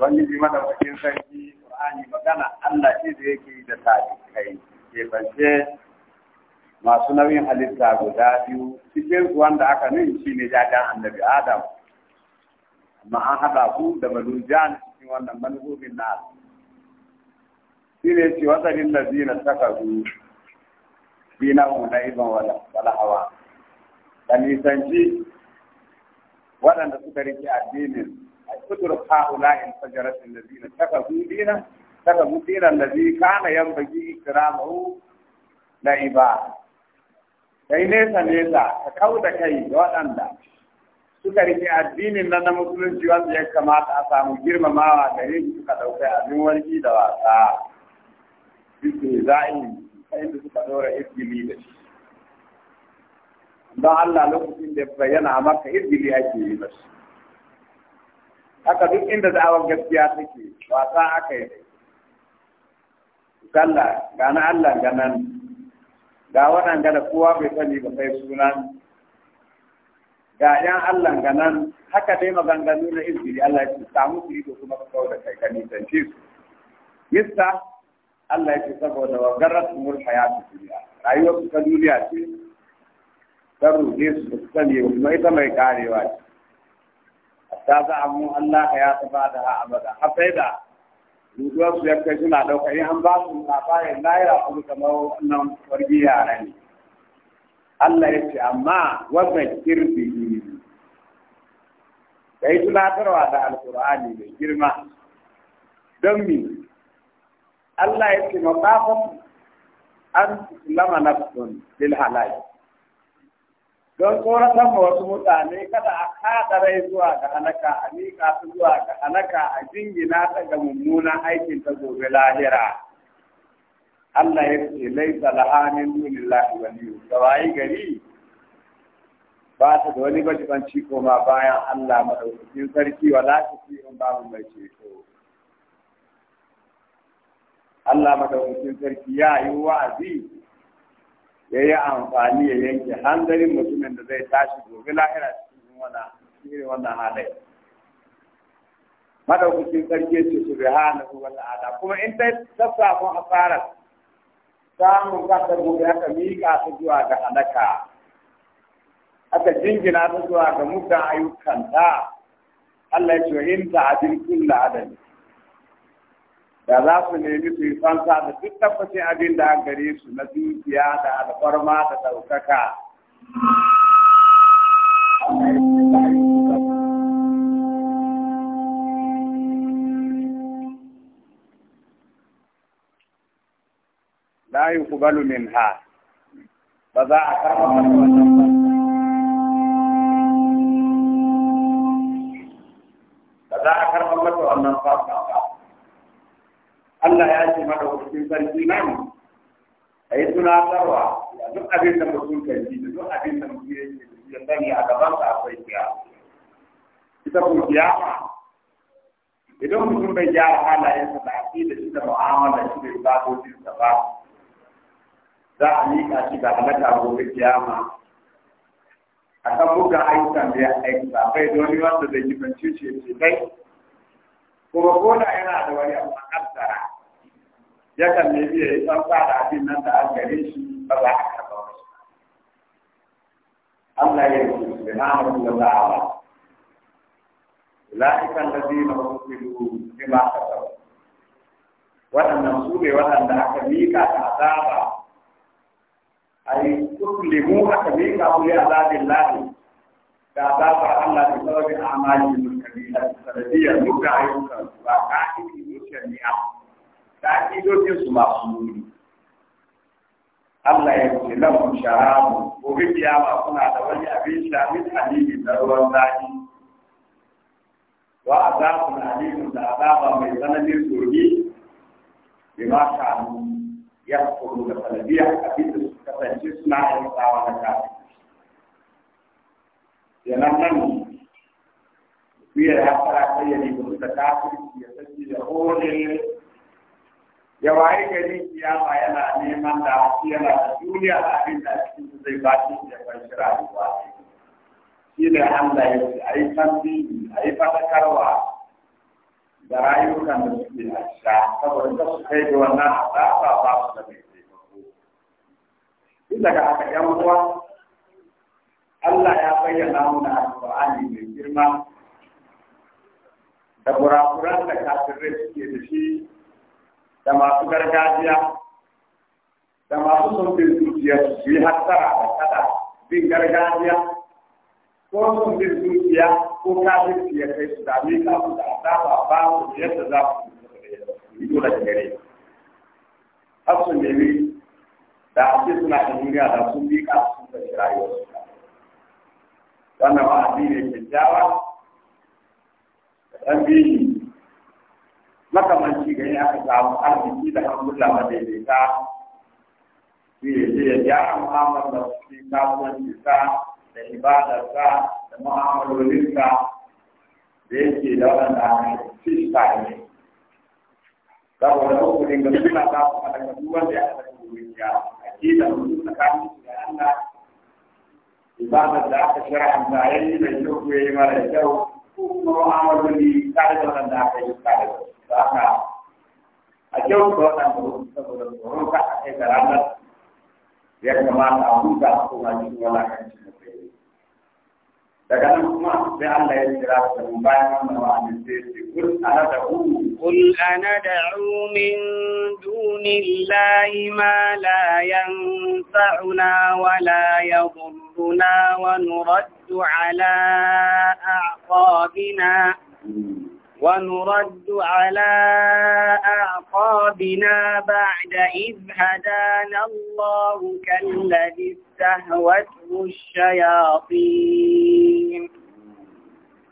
wani bi mana wajen sarki Qur'ani magana Allah shi da yake da kai ke bance masu nauyin halitta guda biyu cikin wanda aka nuna shi ne jajan annabi Adam amma an haɗa ku da malujan cikin wannan manhubin na shi ne ce wasanin na saka zu dina na iban wala hawa da nisanci waɗanda suka rike addinin قدر هؤلاء الفجرة الذين اتخذوا دينا اتخذوا دين الذي كان ينبغي إكرامه لعباده kai nesa nesa ka kau da kai da waɗanda suka rike addinin nan na musulunci wanda ya kamata a samu girmamawa gare su suka ɗauka abin warki da wasa suke za'in inda suka ɗora izgili da shi don Allah lokacin da ya bayyana maka izgili ake yi da shi haka duk inda da'awar gaskiya take wasa aka yi sallah ga na Allah ga nan ga waɗanda gada kowa bai sani ba sai sunan ga yan Allah ga nan haka dai maganganu na izini Allah ya samu su yi kuma ka kawo da kai ka ce su yista Allah ya ce saboda wa garrat ya hayatu duniya rayuwar su ta duniya ce ta ruɗe su su sani kuma ita mai karewa ce ta za a Allah ya taba da ha abada hafai da duduwar su ya kai suna ɗauka in an ba su labarin naira kuma kamar wannan wargi yara ne Allah ya ce amma wannan kirbi ka yi tunatarwa da alkur'ani mai girma don mi Allah ya ce maqafan an lama nafsun bil halal don tsoratan ma wasu mutane kada a kada rai zuwa ga halaka a miƙa su zuwa ga halaka a jingina ta ga mummunan aikin ta gobe lahira Allah ya ce laisa lahamin dunillahi da wayi gari ba ta da wani ko koma bayan Allah madaukakin sarki wa lafi in babu mai ceto Allah madaukakin sarki ya yi wa'azi ya yi amfani ya yanke hanzarin mutumin da zai tashi gobe lahira cikin wannan wannan halai madaukakin sarki ce su su wata ala kuma in ta a asarar samun kasar gobe aka miƙa su zuwa ga halaka aka jingina su zuwa ga mutan ayyukanta Allah ya ce in ta adil kullu adali da za su nemi su yi fansa da duk tabbacin abin da an gare su na dukiya da alfarma da ɗaukaka. La yi kubalu min ha, ba za a karɓar wannan ba. Ba za a mata wannan fasa ba. Allah ya ce maka wakilin sarki ne, a yi ya duk abin da mutum kan ji da duk abin da mutum ya ke ya sani a gaban sa akwai kiyama ita ko kiyama idan mutum bai gyara halayensa da da shi da mu'amala shi da ba za a miƙa shi ga halaka gobe kiyama a kan buga ayyukan da ya ba, bai da wani wanda zai yi bincike ce kai kuma ko da yana da wani abu a kaddara yakan ne biya ya san fara abin nan da an gare shi ba za a karɓa wasu Allah ya yi su bi namun da ta'ala ula'ikan da zai na wasu filu bi ba ka sau waɗannan su ne waɗanda aka miƙa ta azaba ai kullemu aka miƙa ku li azabin lahi da azabar Allah ta saurin amali mulkabila sanadiyar duka ayyukan su ba ka'idi zuciyar ni'a ka'idojin su masu nuni Allah ya ce lamun sharabu gobe kiyama kuna da wani abin sha min halili na ruwan zaki wa azabun alimun da azaba mai tsananin soji bi ma kanu ya kuru da falabiya abin da kasance suna aikatawa na kafin kenan nan biyar ya fara tsayyari da suka kafin ya sassi da horin ya waye gari kiyama yana neman da yana da duniya abin da cikin zai ba shi da kwanciyar rayuwa shi ne Allah ya ce ayi tambayi ayi fadakarwa da rayukan da suke a sha saboda ta su kai da wannan azaba ba su da mai taimako tun daga haka yan uwa Allah ya bayyana mana qurani mai girma da kurakuran da kafirai suke da shi da masu gargajiya da masu son bin zuciya su yi hattara da kada bin gargajiya ko son bin zuciya ko kafin su ya kai su dami ka su da azaba ba su yadda za su yi dole da gare har su nemi da a ce suna da duniya da sun bi ka su da rayuwarsu wannan ba addini kyakkyawa da ɗan biyu makamanci gani aka samu arziki da hamdulillah madaidaita shi ne sai ya gyara mu'amalar da su kasuwanci sa da ibadarsa da mu'amalolinsa da yake da waɗanda aka ci sa ne saboda uku ne ga suna za su faɗa ga duk wanda ya haɗa da wurin ya aƙida mutum tsakanin su da Allah ibadar da aka shara'anta yayi mai kyau ko ya yi mara kyau ko mu'amaloli tare da waɗanda aka yi tare da su da aka da wannan gurin saboda tsoron ya kamata a huta a koma daga nan kuma sai da قل أندعو من دون الله ما لا ينفعنا ولا يضرنا ونرد على أعقابنا ونرد على أعقابنا بعد إذ هدانا الله كالذي استهوته الشياطين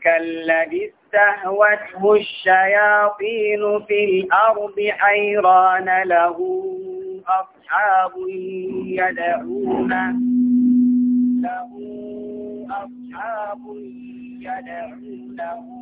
كالذي استهوته الشياطين في الأرض حيران له أصحاب يدعونه له أصحاب يدعونه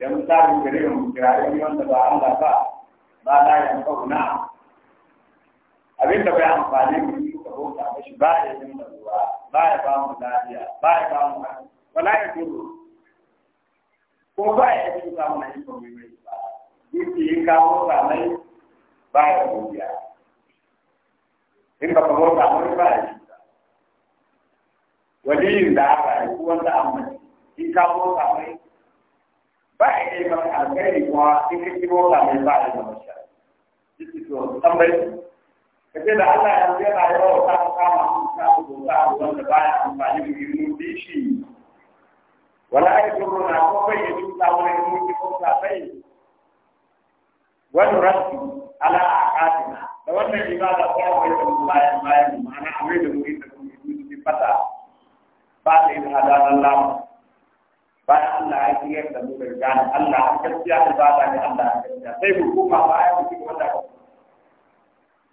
da misali gare mu kirare wanda ba Allah ba ba la yan kauna abin da bai amfani mu yi ka bauta mashi ba ya yin ruwa ba ya ba mu lafiya ba ya ba mu wala ya duru ko ba ya yi ka mu na yi ko mai ba duk yi ka bauta mai ba ya godiya in ba ka bauta mai ba ya yi yin da aka yi ko wanda amma in ka bauta mai بعد ما الغير واثق يقول من بعد ما شاء tambayi kace da Allah ya zai na yawa ta kama ta ta wanda baya amfani da ilimin shi? wala yajuru na ko bai yi ta wani mutum ko ta bai wani rasu ala akatina da wannan ibada ko bai da bayan ma ma'ana amai da mutum da mutum fata ba da ilaha illallah bayan Allah ya kiyar da mu da gane Allah a gaskiya ibada ne Allah a gaskiya sai hukuma bayan mutum wanda ka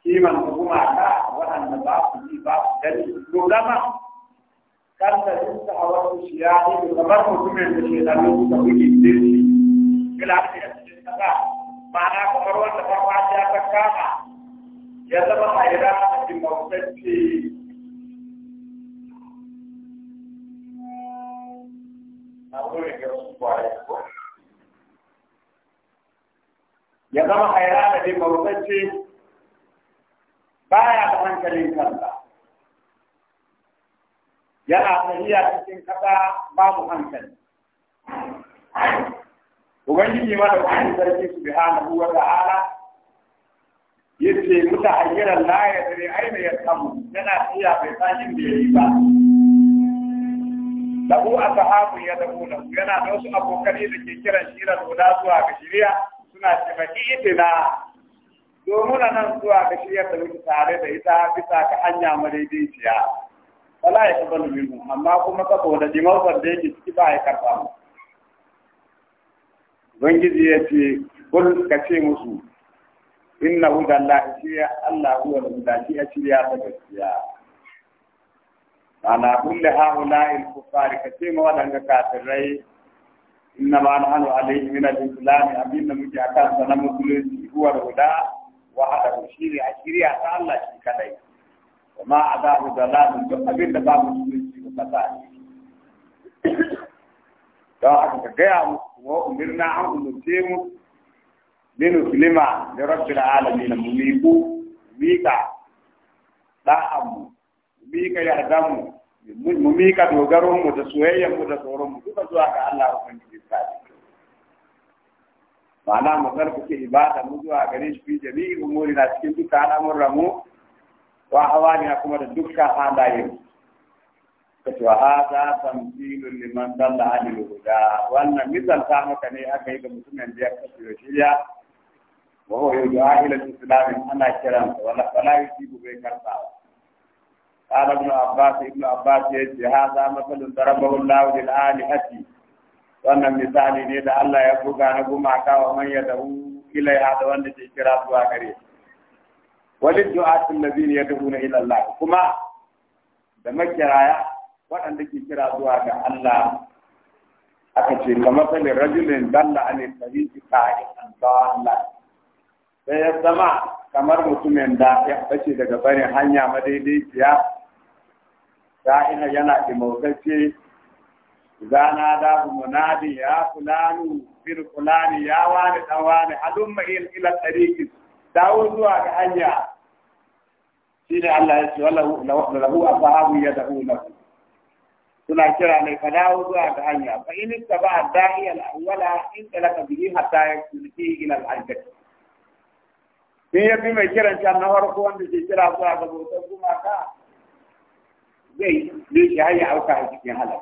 kiman hukuma ta waɗanda ba su yi ba su gani lulama kan da sun ta a wasu su shiya ne da kamar mutumin da ke da nufi da kuke dirshi kila ta yi cikin kasa ma'ana kamar wanda farfajiya ta kama ya zama a yi rana da mawutacce ya zama hairana da mawutacce baya da hankalin kanta yana tafiya cikin kasa babu hankali ubangiji ma da wani sarki subhanahu wa ta'ala yace mutahayyiran la yadri aina yana tafiya bai san ya yi ba lahu ashabu yad'una yana da wasu abokanai da ke kiran shi da guda zuwa ga shiriya suna taimaki itina domin nan zuwa ga shiriya da wuce tare da ita bisa ga hanya madaidaiciya wala ya kabalu mu amma kuma saboda jimawar da yake ciki ba ya karba mu ubangiji ya ce kul ka ce musu inna hudallahi shiriya Allah huwa shi ya shirya ta gaskiya ana kulli haula il kufari kace ma wadanga kafirai inna ma nahnu alayhi min al-islam abinda muke akan sanan musulunci huwa huda wa hada shiri a shiriya ta Allah shi kadai kuma azabu dalalun duk da ba musulunci ba kasa Da aka haka ka gaya ko kuma umirna an umurce mu bin muslima da rabbil alamin mu miƙu miƙa Da mu mika yarda mu mu mika dogaro mu da soyayyar mu da tsoron mu duka zuwa ga Allah ubangiji sai ma'ana mu ke ibada mu zuwa gare shi fi jami'in umuri na cikin duka al'amuran mu wa hawani kuma da dukkan halayen kace wa hada tamthilun liman dalla alil huda wannan misal ta maka ne aka yi ga mutumin da ya kace shiriya wa huwa yu'ahilu al-islam ana kiran wala fala yusibu bi karfa قال ابن عباس ابن عباس يجي هذا مثل ضربه الله للآلهة wannan misali ne da Allah ya buga na gumaka wa man هذا ilaiha da wanda ke kira zuwa gare shi walil du'atul ladina yad'una ila Allah kuma da makiraya waɗanda ke kira zuwa ga Allah aka ce kamar kamar mutumin da ya bace daga barin hanya madaidaiciya sa'ina yana ɗimautacce zana da munadi ya fulanu bir fulani ya wani dan wani halun mahil ila tariki dawo zuwa ga hanya shine Allah ya ce wallahu lahu ashabu yad'u lahu suna kira mai ka dawo zuwa ga hanya fa in taba da'i al-awwala in talaka bihi hatta yusiki ila al-hajjati in yabi mai kiran can na farko wanda ke kira zuwa ga bautar ka? zai yi shi har ya auka a cikin halal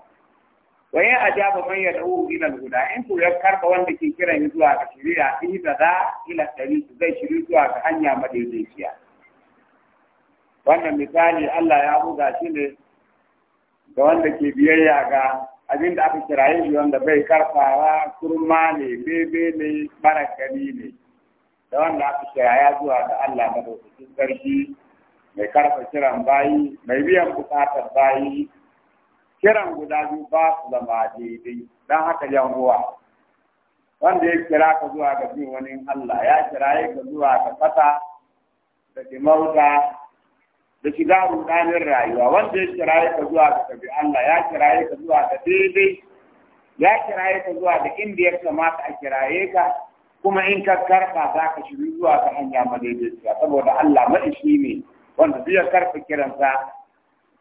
wa ya ajaba man da ila al-huda in ku ya karba wanda ke kiran zuwa ga shari'a in da da ila su zai shiri zuwa ga hanya madaidaiciya wannan misali Allah ya buga shi ne ga wanda ke biyayya ga abin da aka kira shi wanda bai karfawa kurma ne bebe ne barakani ne da wanda aka kira ya zuwa ga Allah madaukakin sarki mai karfa kiran bayi mai biyan bukatar bayi kiran guda biyu ba su zama daidai don haka yan ruwa. wanda ya kira ka zuwa ga bin wani Allah ya kiraye ka zuwa ga fata da kimauta da shiga rudanin rayuwa wanda ya kiraye ka zuwa ga tabi Allah ya kiraye ka zuwa ga daidai ya kiraye ka zuwa ga inda ya kamata a kiraye ka kuma in ka karfa za ka shiru zuwa ga hanya madaidaiciya saboda Allah maishi ne wanda biyan karfe kiransa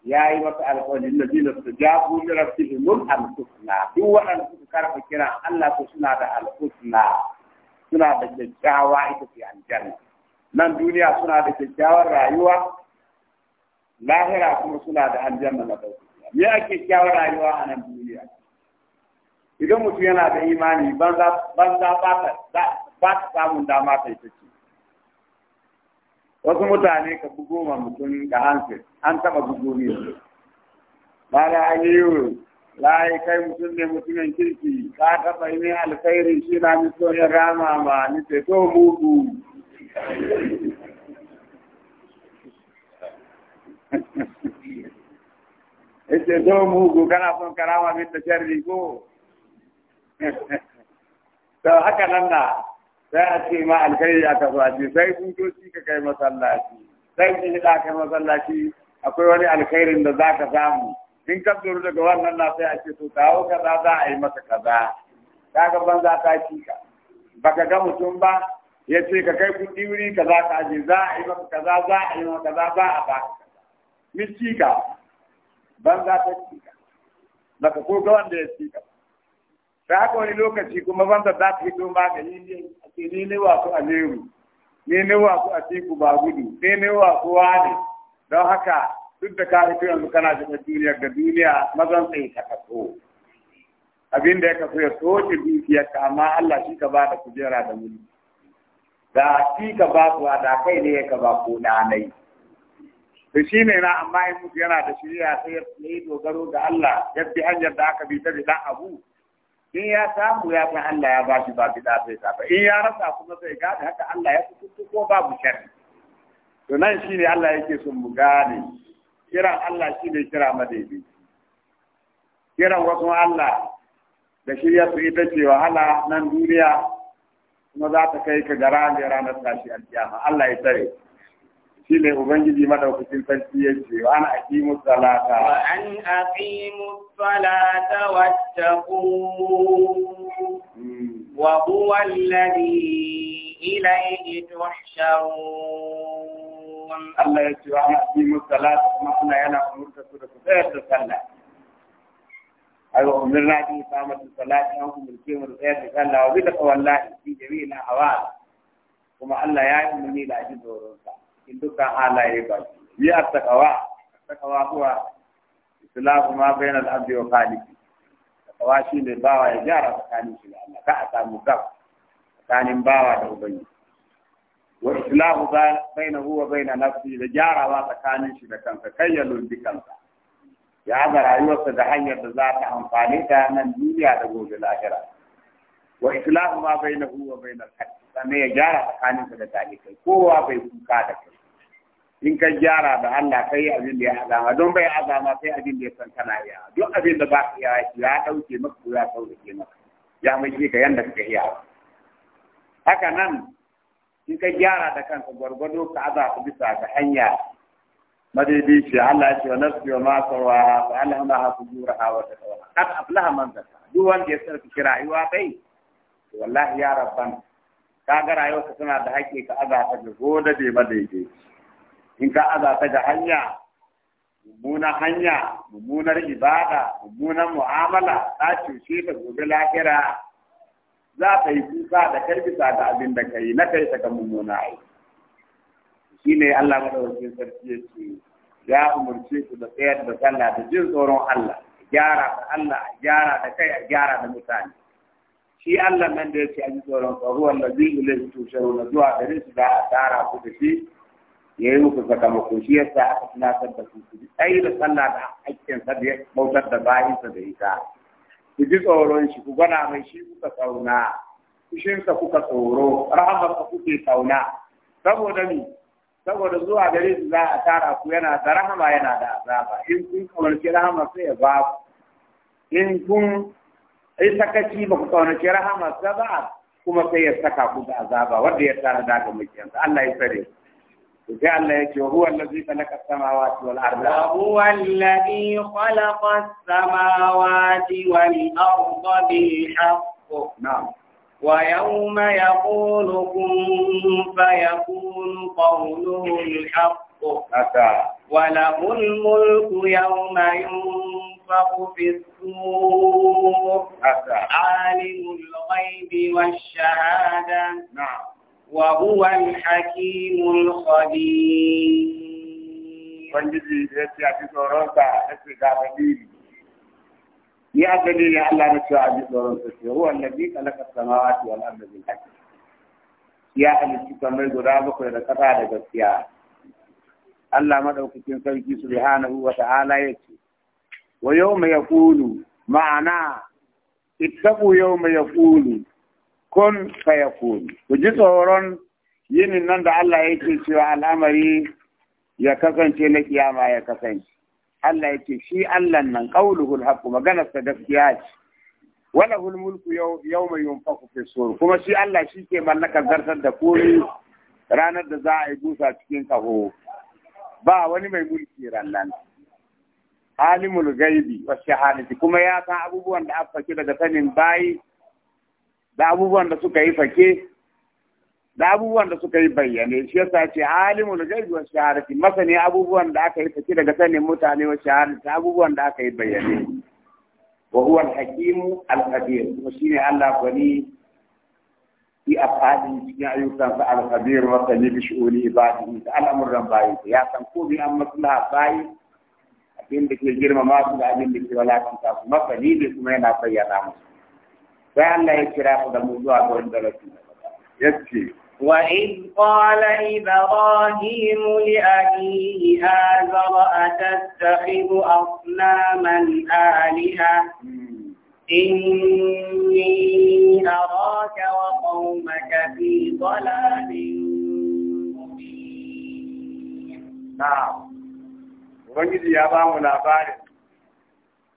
ya yi masa alƙawarin da dina su ja ku mira fihi mun alkusna duk waɗanda suka karfe kiran Allah ko suna da alkusna suna da kyakkyawa ita ce aljanna nan duniya suna da kyakkyawar rayuwa lahira kuma suna da aljanna na ɗauki me ake kyakkyawar rayuwa a nan duniya idan mutum yana da imani banza ba ta samun dama ta ita wasu mutane ka bugo ma mutum da hansu an taba bugo ne ba da aliyu layi kai mutum ne mutumin kirki ka taba yi ne alkhairi shi na mito ya rama ma ni ce to mugu Ese to mugu kana son karama min da sharri ko to haka nan na sai a ce ma alkhairi tafi kasuwaci sai butoci ka kai masallaci sai ki da kai masallaci akwai wani alkhairin da za ka samu in ka zuru daga wannan na sai a ce to kawo kaza za a yi masa kaza ga banza ta ci ka baka ga mutum ba ya ce ka kai kuɗi wuri kaza ka aje za a yi masa kaza za a yi masa kaza za a ba ka mi ci ka banza ta ci ka baka ko ga wanda ya ci ka da haka wani lokaci kuma banza za ta hito magani ne a ce ni ne wasu aleru ni ne wasu a tiku ba gudu ni ne ku wani don haka duk da ka hito yanzu kana shiga duniya ga duniya mazan tsaye ka kaso abin da ya kaso ya soke dukiyarka amma Allah shi ka ba da kujera da mulki da shi ka ba a da kai ne ya ka ba ko na nai to shi ne na amma in mutu yana da shirya sai ya yi dogaro ga Allah ya bi hanyar da aka bi ta bi dan abu in ya samu ya san Allah ya shi ba fi da ba in ya rasa kuma sai gane haka Allah ya kuku ko babu shari to nan shi ne Allah yake son mu gane kiran Allah shi ne kira madaidaici kiran wasu Allah da shirya su ita ce wahala nan duniya kuma za ta kai ka gara ranar tashi alkiyama Allah ya tare shi ne ubangiji madaukakin sarki ya ce wa an aqimu salata wa an aqimu salata wattaqu wa huwa alladhi ilayhi tuhsharun Allah ya ce wa an aqimu salata kuma Allah yana umurta su da su tsayar da sallah أيوة أمرنا بإقامة الصلاة أنكم ملكين والخير لله وبلغ والله في جميع الأحوال كما الله يا أمني لا أجد ورسا duka halaye ba yi a atakawa takawa kuwa islahu ma bayan abdi wa khaliki atakawa shi ne bawa ya jara tsakanin shi da Allah ka a samu gab tsakanin bawa da ubangi wa islahu baina huwa baina nafsi da wa tsakanin shi da kanka kai ya lundi kanka ya haɗa rayuwarsa da hanyar da za ta amfani ta nan duniya da gobe lahira wa islahu ma baina huwa baina al-haqq sannan ya gyara tsakaninsa da talikai kowa bai kuka da kai in ka gyara da Allah kai abin da ya azama don bai azama sai abin da ya san kana iya duk abin da ba ka iya ya dauke maka ko ya sauke maka ya mai ka yanda kake iya haka nan in ka gyara da kanka gwargwado ka aza bisa ga hanya madaidaici Allah ya ce wa nafsi Allah ma sawaha fa alhamaha fujuraha wa taqwaha kad aflaha man zakka duk wanda ya sarki rayuwa bai wallahi ya rabban ga rayuwa tana da haƙƙi ka aza ta ga gode bai madaidaici in ka aza ta da hanya mummunan hanya mummunar ibada mummunan mu'amala ta cuce ta gobe lahira za ka yi kuka da karbisa da abin da ka yi na kai ta ga mummuna aiki shi ne Allah madaukakin sarki ya ce ya umarce ku da tsayar da sallah da jin tsoron Allah a gyara da Allah a gyara da kai a gyara da mutane shi Allah nan da ya ce a ji tsoron tsaro wanda zai ilai tushe na zuwa gare shi da a tara ku da shi ya yi muku sakamako shi yasa aka tunatar da su su ji da sallah da hakkin sa da bautar da bayinsa da ita ku ji tsoron shi ku gwada mai shi kuka tsauna kushinsa kuka tsoro rahamarsa kuke tsauna saboda ni saboda zuwa gare su za a tara ku yana da rahama yana da azaba in kun kawarci rahama sai ya ba ku in kun ai sakaci ba ku kawarci rahama sai ba kuma sai ya saka ku da azaba wanda ya tara da ga mukiyansa Allah ya tsare ku وجعل يجي وهو الذي خلق السماوات والأرض وهو الذي خلق السماوات والأرض بالحق نعم ويوم يقول كن فيكون قوله الحق أتا. وله الملك يوم ينفخ في السور أتى عالم الغيب والشهادة نعم Wa وهو الحكيم الخبير ubangiji da ya ce a ji tsoronsa ya ce ga dalili ya dalilin Allah na cewa a ji tsoronsa ce ruwan nabi kalaka samawati wal ardi bil haqq ya halitta kamar guda bakwai da kasa da gaskiya Allah ma madaukakin sarki subhanahu wa ta'ala ya ce wa yawma yaqulu ma'ana ittaqu yawma yaqulu kun fayakun ku ji tsoron yinin nan da Allah ya yake cewa al'amari ya kasance na kiyama ya kasance Allah ya ce shi Allah nan qauluhul magana sa gaskiya ce walahul mulku mai yunfaqu fi sur kuma shi Allah shi ke mallakar zartar da kuri ranar da za a yi busa cikin kaho ba wani mai mulki rannan alimul gaibi wasu shahadati kuma ya san abubuwan da aka daga sanin bayi da abubuwan da suka yi fake da abubuwan da suka yi bayyane shi yasa ce da gaibi wa shahadati masani abubuwan da aka yi fake daga sanin mutane wa shahadati abubuwan da aka yi bayyane wa huwa al-hakimu al-qadir kuma shine Allah gwani fi afali cikin ayyukan sa al-qadir wa sani bi shu'uni ibadihi da al'amuran bayi ya san ko bi an maslaha bayi abin da ke girmama su da abin da ke walakanta su masani ne kuma yana bayyana musu sai Allah ya kira mu da mu zuwa ga وإذ قال إبراهيم لأبيه آزر أتتخذ أصناما آلهة إني أراك وقومك في ضلال Na'am, Ubangiji ya ba mu labarin,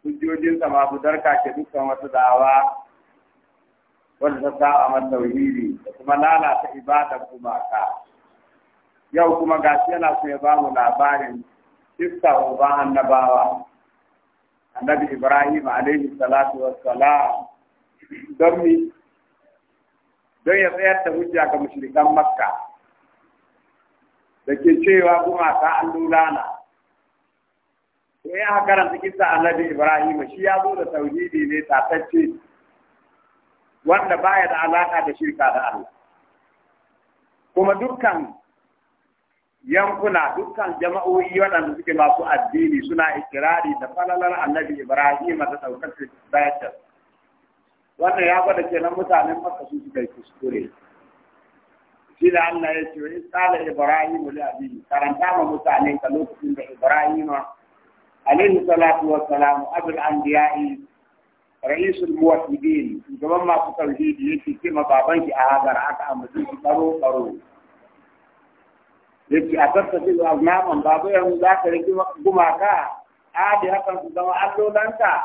hujjojinsa masu darka ke dukkan wasu dawa wanda ta saba ma tauhidi da kuma lalata ibadar gumaka yau kuma shi yana so ya bamu labarin iska uban annabawa annabi ibrahim alaihi salatu wassalam don mi don ya tsayar da hujja ga mushrikan makka da ke cewa gumaka an lulana sai ya karanta kisa annabi ibrahim shi ya zo da tauhidi ne tatacce wanda baya da alaka da shirka da Allah kuma dukkan yankuna dukkan jama'o'i waɗanda suke masu addini suna ikirari da falalar annabi Ibrahim da ɗaukar bayatar wannan ya gwada kenan mutanen Makka su suka yi kuskure shi da Allah ya ce wa isala Ibrahim li abihi karanta ma mutanen ka lokacin da Ibrahim alaihi salatu wa abul anbiya'i ra'isul muwahhidin gaban masu tauhidi yake ce ma baban ki a hagar aka amince ki karo karo yake a tattace da naman babu yan za ka rike gumaka a hakan su zama allolanka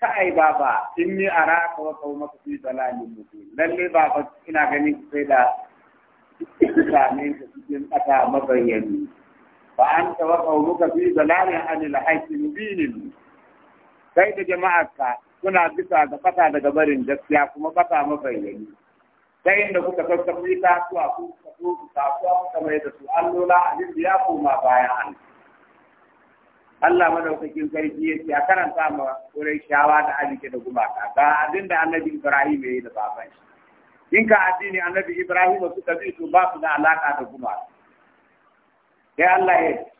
Ka'ai baba inni araka wa qaumaka fi dalalin mubin lalle baba ina ganin sai da same ka cikin kasa mabayyani fa anta wa qaumaka fi dalalin anil haqqi mubinin kai da jama'arka kuna bisa ga kasa daga barin gaskiya kuma kasa mabayyani ta inda kuka sassafi kasuwa kuka so ku kasuwa kuka mai da su lola abin da ya koma bayan an Allah madaukakin sarki ya ce a karanta ma wurin shawa da alike da gumaka ga abin da annabi Ibrahim ya yi da baban shi in ka addini annabi Ibrahim suka zai su ba su da alaka da gumaka sai Allah ya ce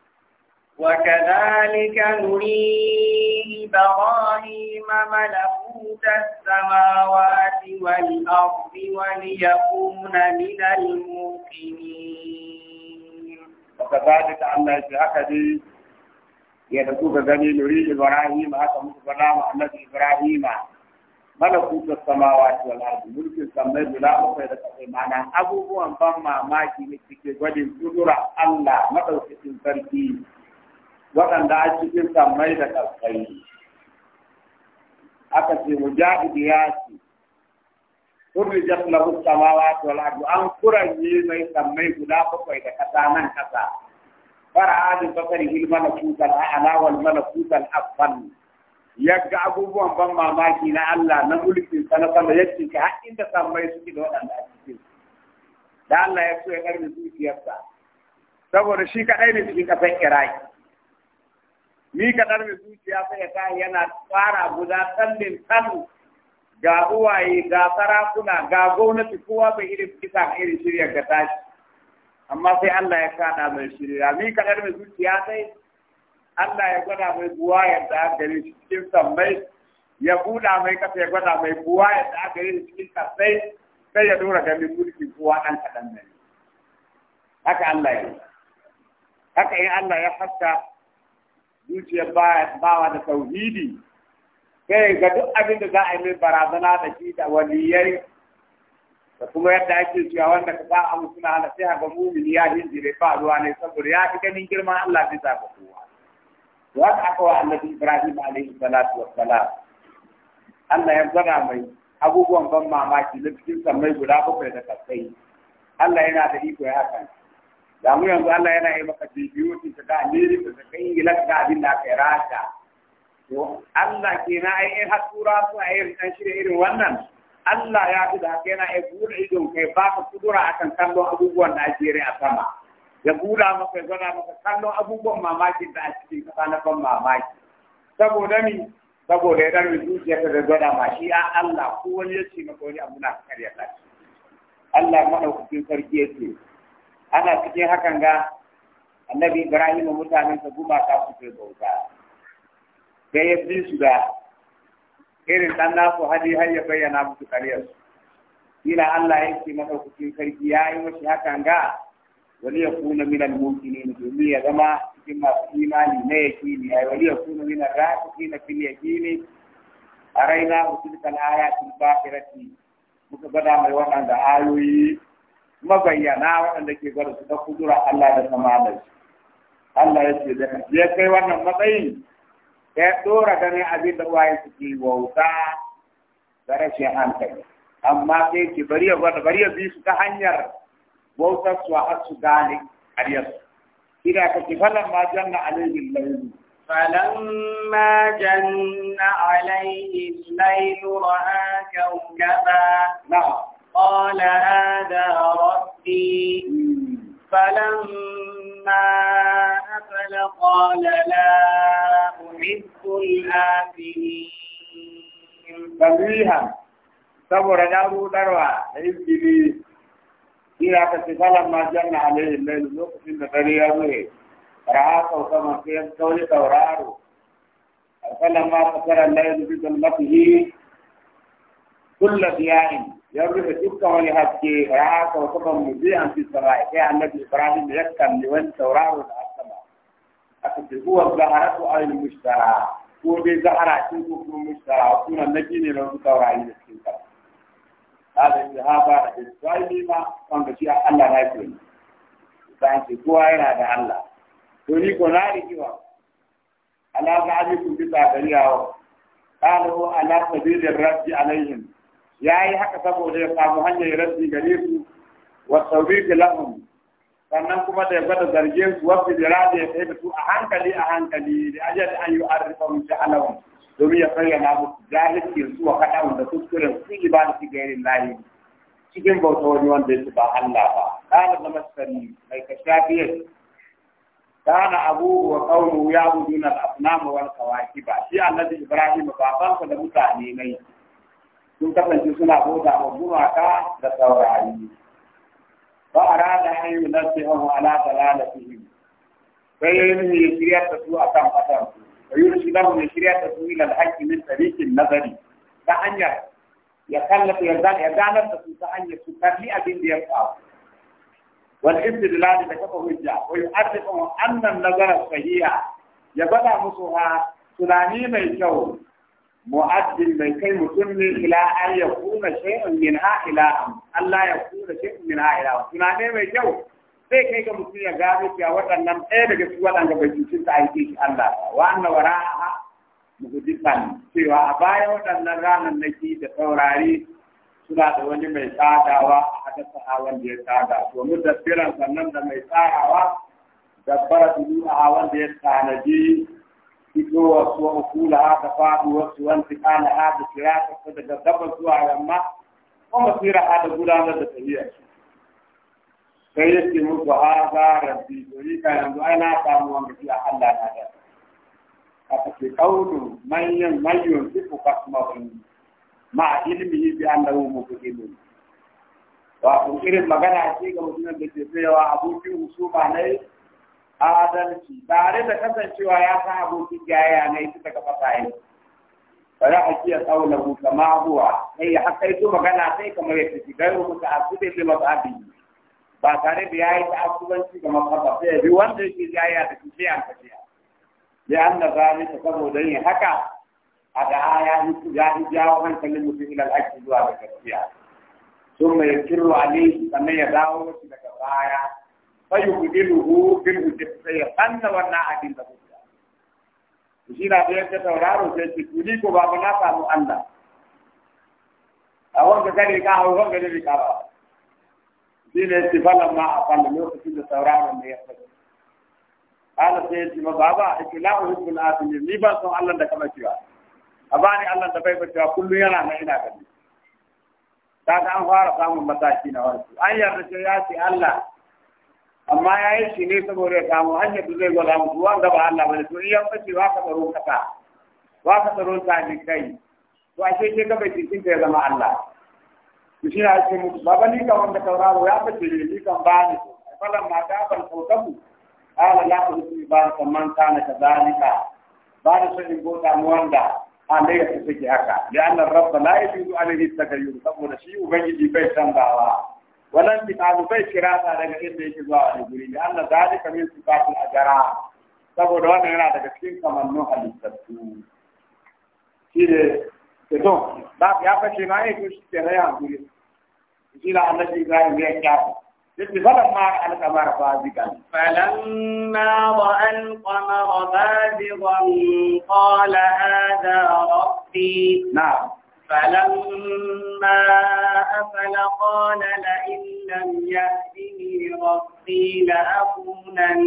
وكذلك نري إبراهيم ملكوت السماوات والأرض وليكون من الموقنين وكذلك أن الأحد يدكوك ذني نري إبراهيم هكذا مكبرام أنه إبراهيم ملكوت السماوات والأرض ملك السماء بلا مفيدة معنى أبوه أنبام ما ماكي نتكي ودين قدرة الله مدوكة الفرقين waɗanda a cikin sammai da ƙasƙai aka ce mujahidi ya ce furrijat lahu samawati wal ardu an kuranye mai samai guda bakwai da kasa nan kasa fara'a bi basarihi al malakut al a'la wal malakut al abubuwan ban mamaki na Allah na mulkin sa na sama yake ka har da sammai suke da waɗanda a cikin da Allah ya so ya karbi zuciyarsa saboda shi kaɗai ne cikin kasar Iraki Ni kadar mai zuciya sai ya kai yana fara guda tsallin tsallu ga uwaye ga sarakuna ga gwamnati kowa bai iri kisa irin shirya ga tashi amma sai Allah ya kada mai shirya mi kadar mai zuciya sai Allah ya gwada mai buwa yadda aka yi cikin sammai ya buɗa mai kasa ya gwada mai buwa yadda aka yi cikin kasai sai ya dora ga mai mulkin kowa an kaɗan ne haka Allah ya haka in Allah ya haska zuciyar bawa da tauhidi sai ga duk abin da za a yi mai barazana da shi da waliyai da kuma yadda ake cewa wanda ka sa a suna hana ga mumini ya hinjire ba ruwa ne saboda ya fi ganin girman Allah za ga kowa Wa ta aka wa annabi Ibrahim alaihi salatu salam. Allah ya zana mai abubuwan ban mamaki na cikin sammai guda bakwai da kasai Allah yana da iko ya kanta. da mu yanzu Allah yana yi maka bibiyo ki ta America da kai Ingila da abin da kai Rasha to Allah kenan ai in har tura a irin irin wannan Allah ya fi da haka yana ya buɗe idon kai ba ka kudura akan kallon abubuwan da ake a sama ya buɗa maka ya maka kallon abubuwan mamaki da a cikin kasa na ban mamaki saboda ni saboda ya ɗarbi zuciyarka da gwada ma shi ya Allah ko wani ya ce maka wani abu na karya Allah maɗaukakin sarki ya ce ana cikin hakan ga annabi ibrahim mutanen sa gumaka su kai bauta sai ya bi su da irin dan nasu hali har ya bayyana musu karyar su Allah ya ce madaukakin sarki ya yi mashi hakan ga wani ya kuna minal mumkinin domin ya zama cikin masu imani na yakini ai wani ya kuna minal rafiqina fil yakini araina tilkal ayatil bakhirati muka gada mai wannan da ayoyi mabayyana waɗanda ke gwada su ta kudura Allah da samanar Allah ya ce da ya kai wannan matsayin ya ɗora ganin abin da waye suke wauta da rashin hankali amma sai ke bari ya gwada bari ya bi su ta hanyar bautar su a su gane ƙaryarsu ina ka ki falan ma janna alaihi lailu فلما جن عليه الليل رأى كوكبا نعم قال هذا ربي فلما أفل قال لا أحب الآفلين فبيها صبر جابوا دروا إبليس إذا تتكلم ما جن عليه الليل لوقت به رعاك وكما كان قولك ورعاره فلما فكر الليل بظلمته كل ضياء يرجو بسيطة ولهذه رعاك وطبم مزيئا في صرائك يا إيه النبي إبراهيم يكا لون توراه العظمة أكد هو الزهرات أي المشترى هو بي زهرة تنكو في المشترى وكونا نجين لون توراه المسكين هذا الزهابة الزايمة فانكشي الله رايكم فانت هو أين هذا الله تريكو ناري كيوا أنا أعلمكم بتاعتني أهو قالوا أنا سبيل الرب عليهم ya yi haka saboda ya samu hanyar rabbi gare su wa tawfiq lahum sannan kuma da bada zarge su wa da ya sai da su a hankali a hankali da ajiyar an yi arzikin ta alawan domin ya na musu jahilcin su wa kaɗan da kuskuren su ibadati gairin lahi cikin bauta wani wanda ya ba Allah ba kana na masani mai kashafiyar kana abu wa ya ya'buduna al-asnam wal kawakib shi annabi ibrahim babansa da mutane mai sun kasance suna bauta wa gumaka da saurayi ba a rada an yi nasi hau ala da fihim sai ya yi nuhi ya shirya ta su a kan fatan wa yi rushe da ya shirya ta su ilal haƙƙi min tarikin nazari ta hanyar ya kallata ya zanar da su ta hanyar su kalli abin da ya faru والاستدلال لكفى هجة ويعرفهم أن النظر الصحيح يبدا مسوها سلامي ميكو mu'addin bai kai mutum ne ila ya kuna shay'un min ha ila Allah ya kuna shay'un min ha mai kyau sai kai ga mutum ya gano cewa waɗannan ɗaya daga cikin waɗanda bai cucin ta aiki shi Allah wa anna wara'a muhdisan cewa a baya waɗannan ranar naki da saurari suna da wani mai tsadawa a hadasa da ya tsada to mudabbiran sannan da mai tsarawa dabbara a wanda ya tanaji fitowa su wa kula haka faduwa su wani tsana haka kira ta daga gabas zuwa yamma kuma tsira haka gudanar da tafiya sai yake musu haza rabbi dori ka yanzu ai na samu wanda a Allah na da A ce kaunu manyan mayyun ba kasmahu ma ilimi ilmihi bi annahu mubtilun wa kun irin magana ce ga mutumin da ke cewa abokin husuma yi? adalci tare da kasancewa ya san abokin yaya ne ita daga fasahi bari a kiya tsaunahu kama huwa sai ya haka ito magana sai kamar ya fiti gai ruhu ta da masabi ba tare da ya yi ta asubanci ga masaba sai ya bi wanda yake yaya da shi an tafiya ya an na saboda yin haka a da aya ya yi jawo hankalin mutum ilal aiki zuwa ga gaskiya sun mai kirro alaihi sannan ya dawo shi daga baya fayubdiluhu bil wujud sai ya fanna wannan abin da kuka shi na da yanka tauraro sai ki tuni ko ba na samu Allah a wanda kare ka hawo wanda ne ka ba shi ne ci falan ma a fanna lokacin da tauraron ne ya fada Allah sai ci ma baba ikilahu hibbul asmi ni ba son Allah da kama ciwa a bani Allah da bai bacewa kullum yana na ina gani kaga an fara samun mataki na warki an yarda ce ya ce Allah amma ya yi shi ne saboda ya samu hanyar da zai gwada musu wanda ba Allah bane to in ya fashe ba ka tsaro kasa ba ka tsaro ta ne kai to ashe ke ka bai cikin ya zama Allah to shi na ce mutu ba bani ka wanda tauraro ya fashe ne ni kan ba ni to falan ma ta ban kautabu ala la ku bi ba kan man kana kadalika ba ni so in gota mu wanda Allah ya fi haka da annar rabba la yajidu alaihi takayyur saboda shi ubangiji bai san bawa ولن تقابل بي شراطة لك إذن يجزاء الجري لأن ذلك من صفات الأجراء سبو دون هنا لك سين كمان نوح للسبتو كده كده لا يا بشي ما يكوش تريان جري جيلا الذي إبراهيم كده فلما رأى القمر بازغا فلما رأى القمر بازغا قال هذا ربي نعم فلما أفل قال لئن لم يهدني ربي لأكونن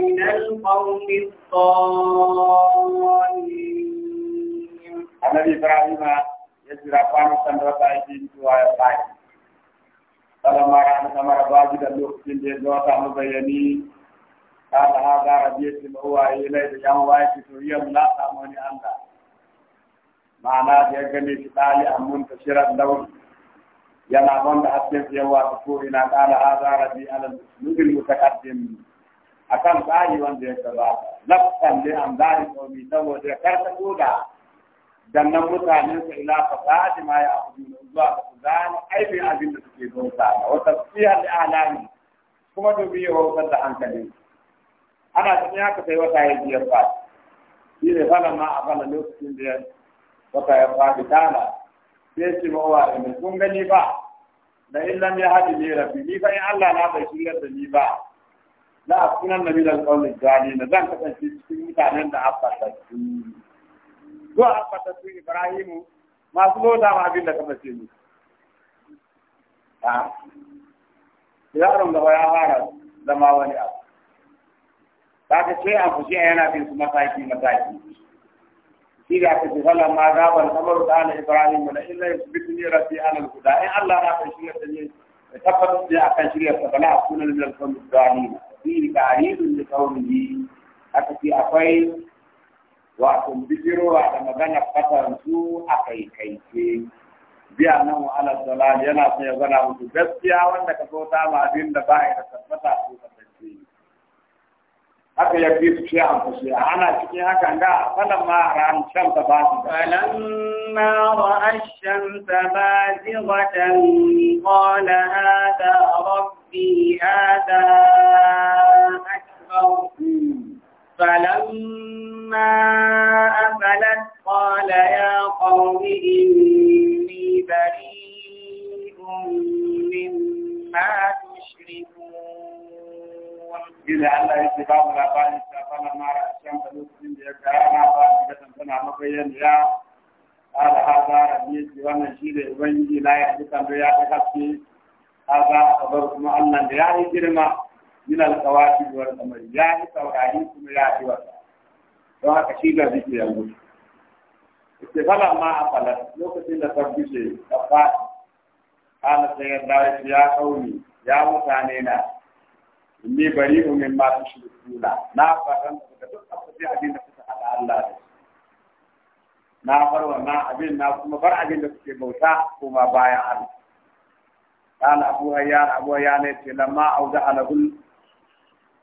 من القوم الضالين. أنا إبراهيم يسير أقوام السندرة بايدين جوايا باي. Kalau marah sama marah bagi dan lu kecil dia doa sama saya ni. Kata-kata dia semua wahai ini yang wahai itu yang nak sama ni anda. ma'ana da ya gane shi ɗali a munta shirar launi yana wanda hasken yawa ta ko ina ƙara zara bi alal nubin A kan tsari wanda ya gabata lafsan li an zari qaumi saboda ya koda da nan mutanen sa ila fasadi ma ya ne zuwa su gano aibin abin da suke bauta Wata tafsihar da alami kuma dubi ya wautar da hankali ana cikin haka sai wata ya biyar ba shi ne fara ma a fara lokacin da wata ya faɗi tana sai ce ma wa da eh, kun gani ba da in lam ya hadi ni rabbi ni fa in Allah na bai shirya da ni ba la akunan nabi da kawai jani na zan kasance cikin mutanen da afata su zuwa afata su Ibrahimu masu loda ma abin da kama ce ni yaron gaba ya fara zama wani abu ta ce an fushi yana bin su mataki mataki ila ta ma ga kamar ala ibrahim mala ala alqada in allah na ka shirya ta ne tabbata da aka shirya ta bala kunal min akwai wa da magana katar su akai kai ke salal yana sai yana mutu gaskiya wanda ka so ta ma din da haka ya fi su shiya amfa shiya ana cikin haka da falan ma ra'an shan ta ba su falan ma ra'an shan ta ba zigatan qala hada rabbi hada akbar فلما أفلت قال يا قوم إني بريء مما gina Allah ya ce babu labarin sa bana mara shan da lokacin da ya ga ana ba shi da tantana maka yana ya ala haza ni ji wannan shi da ubangiji la ya ji kan doya ta kafi haza kabar kuma Allah da ya yi girma min alqawati wa al-amri ya yi saurari kuma ya yi wa to haka shi da zikiri yanzu Istifala ma a falar lokacin da sarki ce ta fa ana sayar da ya kauni ya mutane inni ma mimma tushrikuna na faran da duk abin da kuka hada Allah da na bar wannan abin na kuma bar abin da kuke bauta kuma baya Allah قال أبو هيان أبو هيان لما أوضح له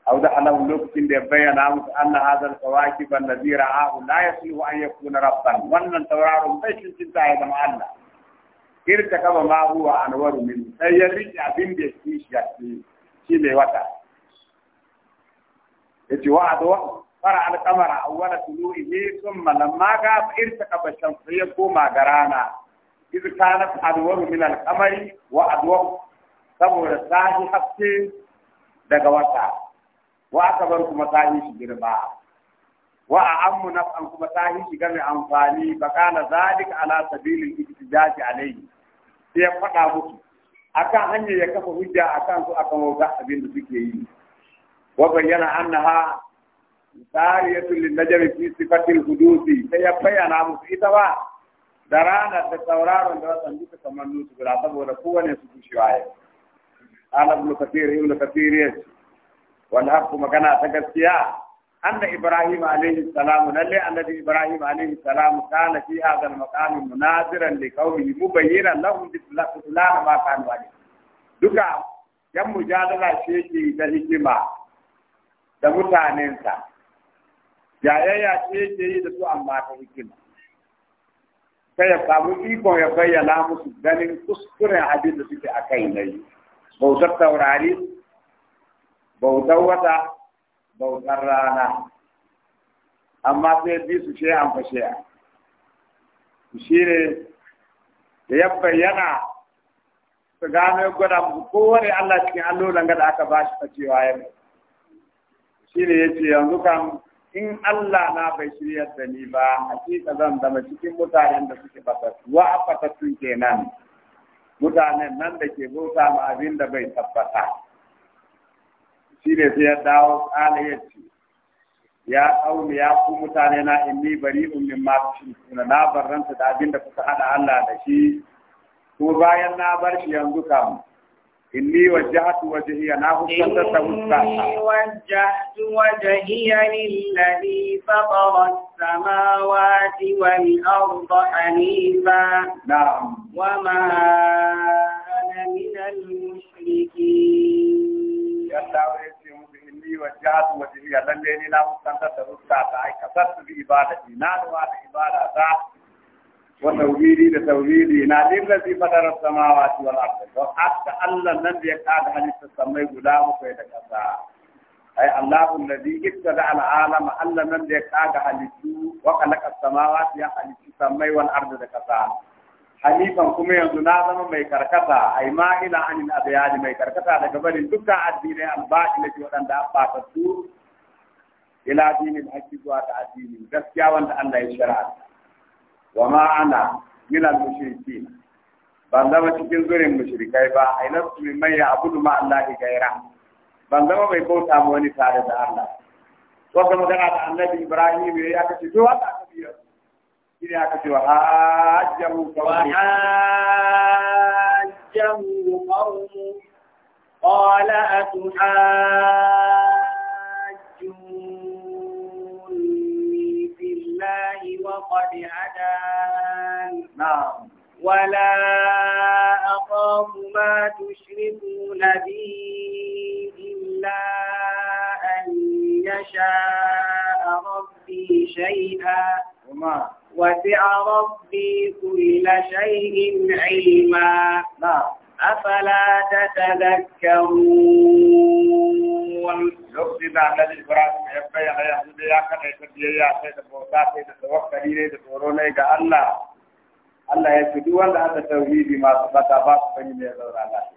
أوضح له لوكتين دي بيان أن هذا الكواكب الذي رآه لا يصلح أن يكون ربا وأن تورار Allah. تنتا هذا مع الله إرتكب ما هو أنور منه سيرجع بين بيشيش يأتي شيء wata. yace wa adwa fara alqamara awwala tulu'ihi thumma lamma ga irtaqa shamsu ya koma garana iz kanat adwaru min alqamari wa adwa saboda sahi haske daga wata wa akabar kuma sahi shi girma wa a'ammu naf'an kuma sahi shi game amfani fa kana zalika ala sabilil ihtijaji alayhi sai ya faɗa musu akan hanyar ya kafa hujja akan su akan wauta abin da suke yi وبين أنها دارية للنجم في صفة الحدوث سيبين مسئتها درانا تتورار ودرسان جوك تمنوت قرأت ورقوة نسوك شوائي قال ابن كثير ابن كثير والحق مكان تكسيا أن إبراهيم عليه السلام للي الذي إبراهيم عليه السلام كان في هذا المقام مناظرا لقومه مبينا لهم بفلان ما كانوا عليه duka yan mujadala ce ke da hikima da mutanensa yaya ce ce yi da su amma ta hikima sai ya samu ikon ya bayyana musu ganin kuskuren abin da suke a kai na yi bautar taurari bautar wata bautar rana amma sai bi su ce an fashe a shi ne da ya bayyana su gano gwada musu kowane allah cikin allolan gada aka ba shi fashewa ya mai shine yace yanzu kam in Allah na bai shiryar da ni ba hakika zan zama cikin mutanen da suke batattu wa batattu kenan mutanen nan da ke bauta ma abin da bai tabbata ne sai ya dawo ya ce ya ƙaunu ya ku mutane na inni bari ummin ma suna. na bar ranta da abin da kuka haɗa Allah da shi Ko bayan na bar shi yanzu kam إني وجهت وجهي نحو الشمس إني وجهت وجهي للذي فطر السماوات والأرض حنيفا نعم وما أنا من المشركين إني وجهت وجهي للذي نحو الشمس تغسطا أي كفرت بعبادتي نادوا عبادة ذات وتوحيدي لتوحيدي نادي الذي فطر السماوات والارض وحتى الله الذي يقاد حديث السماء غلام في الكسا اي الله الذي ابتدع العالم الله الذي يقاد حديث وخلق السماوات يا حديث السماء والارض الكسا حنيفا كما يزنا زما مي كركتا اي ما الى ان الابياد مي كركتا daga barin dukkan addinai albatil da wadanda abba su ila dinin hakki zuwa ta addini gaskiya wanda Allah ya shari'a wa ma ana min al-mushrikin ban zama cikin zurin mushrikai ba ai su min mai abudu ma Allah gaira ban zama mai bauta ma wani tare da Allah wanda magana da annabi Ibrahim ya aka ce to haka aka biya shine aka ce wa hajjahu qawmi hajjahu qawmi qala atuha ولا أخاف ما تشركون به إلا أن يشاء ربي شيئا وسع ربي كل شيء علما أفلا تتذكرون القرآن يبقى يا يا يا يا يا يا يا يا يا يا يا يا يا يا يا Allah ya ce duk wanda aka tauhidi masu bata ba su fahimta ya zaura lafiya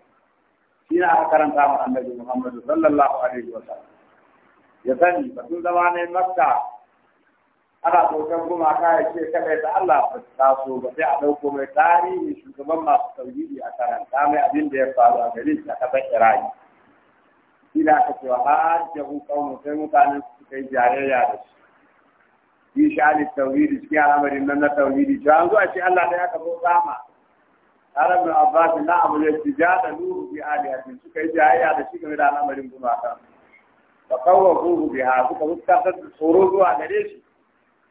shi na aka karanta mu annabi Muhammadu sallallahu alaihi wa sallam ya sani batun zama ne makka ana bautan gumaka ya ce kadai ta Allah ba taso ba sai a ɗauko mai tarihi shugaban masu tauhidi a karanta mai abin da ya faru a garin ta kasar Iraki shi da aka ce wa hajjahu qaumun sai mutanen suka yi jayayya da shi fi sha'anin tauhidi cikin al'amarin nan na tauhidi to an zuwa ce Allah da ya kabo sama Arabin Abbas na abu ya ci da nuhu bi alihatin suka yi jayya da shi game da al'amarin gumaka ba kawo ruhu bi ha suka fuskantar da tsoro zuwa gare shi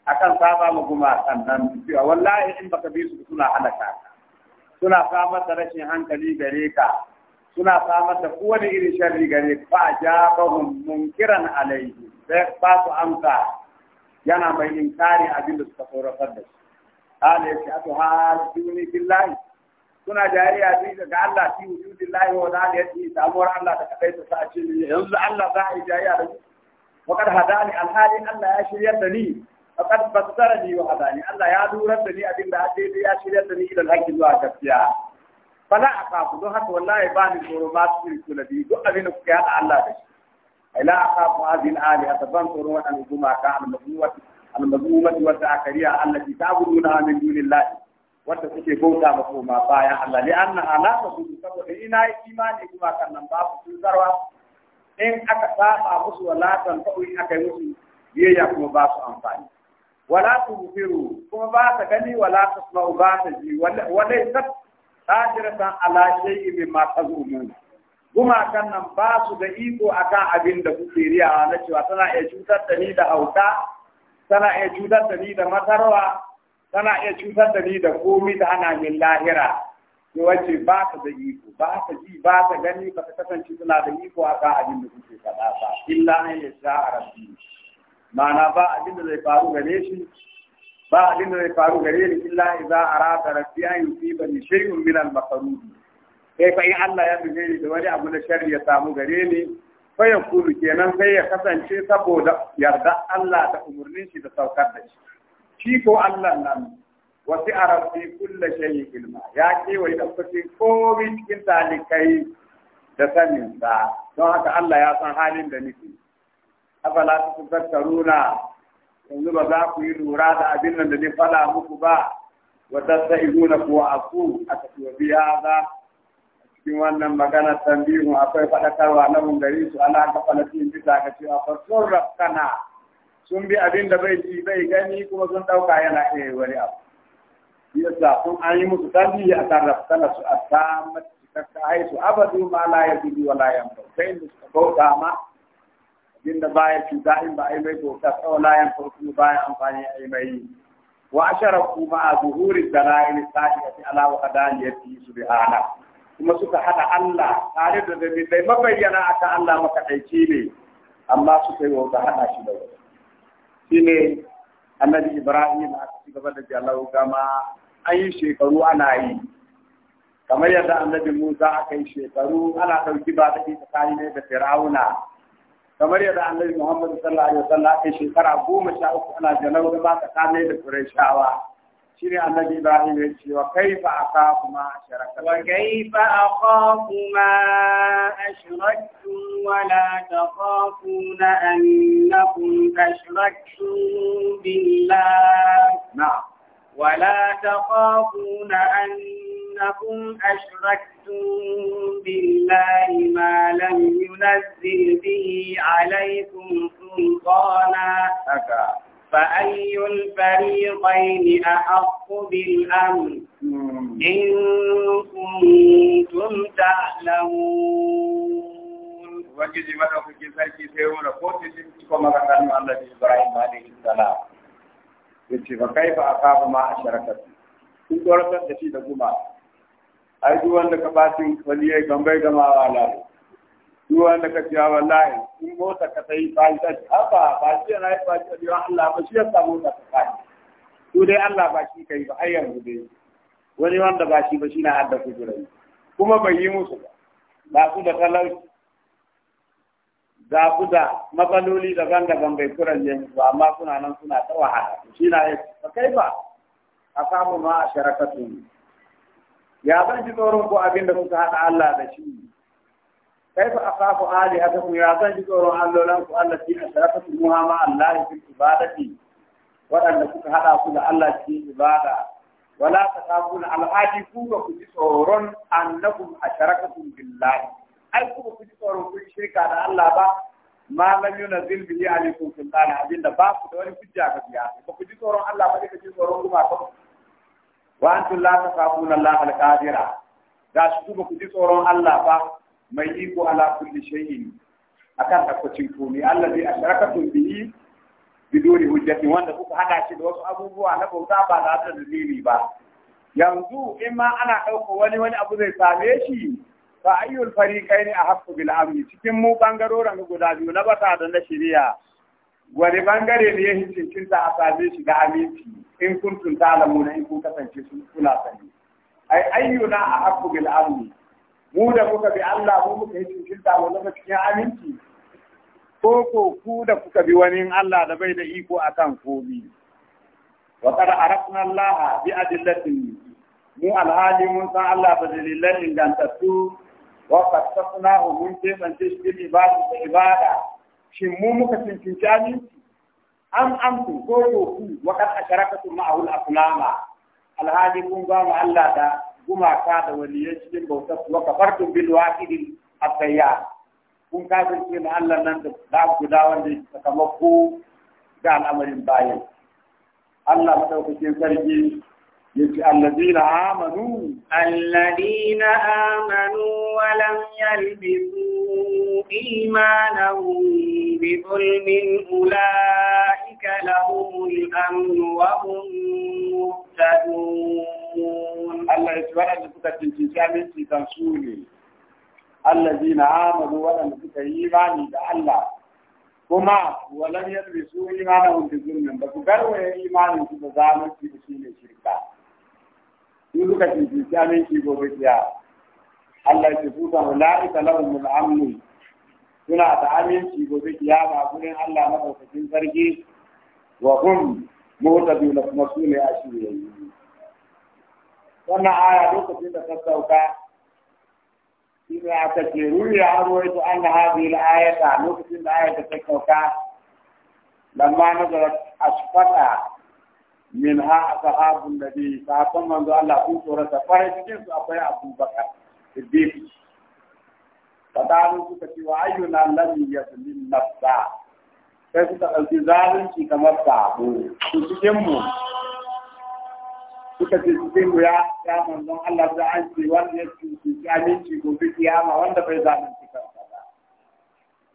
akan saba ma gumakan nan cewa wallahi in baka bi su suna halaka suna samar da rashin hankali gare ka suna samar da kowane irin sharri gare ka fa jabahum munkiran alaihi sai ba su amsa yana mai inkari abin da suka tsoratar da shi qala ya ce ato hajjuni billahi suna jariya bi daga Allah fi wujudillahi wa dalilati samuwar Allah da kadai ta sace ni yanzu Allah za a yi jariya da ni wa kad hadani alhali Allah ya shiryar da ni wa kad fassarani wa hadani Allah ya lura da ni abin da ake ya shiryar da ni idan hakki zuwa gaskiya fala akafu don haka wallahi ba ni tsoro ba su shirku da duk abin da kuka yada Allah da shi ila aqab mu'azil ali atabantur wa an kuma ka al mazmuwat al mazmumat wa ta'kariya allati ta'buduna min wata suke bauta ba koma bayan Allah li anna saboda ina imani kuma kan nan babu cutarwa in aka saba musu wala tan fa'u aka yi musu biyayya kuma ba su amfani wala tufiru kuma gani wala tasma'u ba ta gumakan nan ba su da iko akan abin da kuke riyawa na cewa tana iya cutar da ni da hauta tana iya cutar da ni da matarwa tana iya cutar da ni da komi da ana min lahira ne wace ba ta da iko ba ta ji ba ta gani ba ta kasance tana da iko akan abin da kuke faɗa ba illa an ya sa a rabbi ma'ana ba abin da zai faru gare shi ba abin da zai faru gare ni illa idza arada rabbi an yusiba ni shay'un min al-makarudi sai eh, fa in Allah ya nufe ni da wani abu na sharri ya samu gare ni fa ya kulu kenan sai ya kasance saboda yarda Allah da umurnin shi da saukar da shi shi ko Allah nan wasi arabi kulla shayi ilma ya wai da ko komai cikin talikai da sanin sa don haka Allah ya san halin da nake afala tuzakkaruna yanzu ba za ku yi lura da abin nan da ni fada muku ba wa tasaihuna ku afu a tafiya biya za cikin wannan magana tambihu akwai faɗakarwa na gari su ana ka falatin bisa ka cewa fa sun rafkana sun bi abin da bai ji bai gani kuma sun ɗauka yana iya wani abu yasa kun an yi musu tambihi a kan rafkana su a samar cikakka haisu abadu ma la ya zubi wa la yamfa sai da suka bauta ma abin da baya cuta in ba a yi mai bauta kawai la yamfa kuma baya amfani a yi mai wa asharaku ma a zuhurin dala'il sa'i'ati ala su bi subhanahu kuma suka hada Allah tare da bai mabayyana ta Allah makaɗaici ne amma suka yi wata hada shi da wani shi ne annabi Ibrahim aka ci gaba da jalau gama an yi shekaru ana yi kamar yadda annabi Musa aka yi shekaru ana ɗauki ba da tsakani ne da Fir'auna kamar yadda annabi Muhammadu sallallahu alaihi wasallam aka yi shekara goma sha uku ana jalau da ba tsakani da shawa. شري النبي إبراهيم وكيف أخاف ما أشركتم نعم. ولا تخافون أنكم أشركتم بالله ما لم ينزل به عليكم سلطانا أكا. فأي الفريقين أحق بالأمن إن كنتم تعلمون Ubangiji madaukakin sarki sai wani kotu shi ciko maganganun Allah da Ibrahim alaihi salam. Ya ce ba kai ba a kafa a sharakar. Sun tsoratar da shi da wanda ka ya duk wanda ka ce wallahi in mota ka ta yi ta Haka ba shi yana ba shi da Allah ba shi ya samu mota ka kai to dai Allah ba shi yi ba ayyar mu dai wani wanda ba shi ba shi na hadda kujurai kuma bai yi musu ba ba su da talauci ga da matsaloli daban-daban bai kuranye musu amma suna nan suna ta wahala shi na ya ba kai ba a samu ma a sharakatu ya zan ji tsoron ko abin da kuka haɗa Allah da shi كيف أخاف آلهتكم يا سنجد أن لكم التي أشرفتموها مع الله في العبادة وأن كنت هذا كل الله في العبادة ولا تخافون على هذه كوبا كنت صورون أنكم أشركتم بالله أي كوبا كنت صورون كل شركة على الله با ما لم ينزل به عليكم سلطان أبين باك دولي كجا كبيا كنت صورون الله با كنت صورون كما كنت وأنتم لا تخافون الله القادرة ga shi kuma ku ji tsoron Allah ba mai iko ala kulli shay'in akan tabbacin komai allazi asharakatum bihi biduni hujjati wanda kuka hada shi da wasu abubuwa na bauta ba da da dalili ba yanzu in ma ana ɗauko wani wani abu zai same shi fa ayyul fariqain ahaqqu bil amni cikin mu bangaroran guda biyu na bata da na shari'a wani bangare ne ya hincin a same shi ga aminci in kuntum ta'lamuna in kun kasance sun kula sani ai ayyuna ahaqqu bil amni mu da kuka bi Allah mu muka yi cincinta mu zama cikin aminci ko ko ku da kuka bi wani Allah da bai da iko akan komi wa qad arafna Allah bi adillatin mu alhali mun san Allah da dalilan su wa qad tasnahu mun ce shi bi ibadu da ibada shin mu muka cincinta aminci am amtum ko ko ku wa qad asharakatu ma'ahu al-aslama alhali kun ba mu Allah da gumaka da waliyai cikin bautar kuwa kafartum bil wahidin at-tayyar kun kafirce ma Allah nan da da guda wanda ya sakamako ga al'amarin bayan Allah madaukakin sarki يجي الذين آمنوا الذين آمنوا ولم يلبسوا إيمانهم بظلم أولئك لهم الأمن وهم مهتدون Allah ya ci waɗanda suka cincinci aminci kan su ne allazi na amadu waɗanda suka yi imani da Allah kuma walam yalbisu imanahum bi zulmin ba su garwaye imanin su da zalunci da shi shine shirka su suka cincinci aminci gobe kiyama Allah ya ci ce su kan ula'ika lahumul amnu suna da aminci gobe kiyama gurin Allah na ɗaukakin sarki wa hum mutaduna kuma su ne ashiriyayi wannan aya lokacin da ta sauka shi ne aka ce ruriya an ruwaito an na hazi ayata lokacin da ayata ta sauka lamma nazarat asfata min ha da nabi sahabban manzo Allah kun tsorata fara cikin su akwai Abu Bakar Siddiq fadalu suka ce wa ayyuna lam yaslim nafsa sai suka ɗauki zalunci kamar sabo su cikin mu kuka ce cikin ya ya manzon Allah da an ce wanda ya cuci aminci fi kiyama wanda bai zalunci kansa ba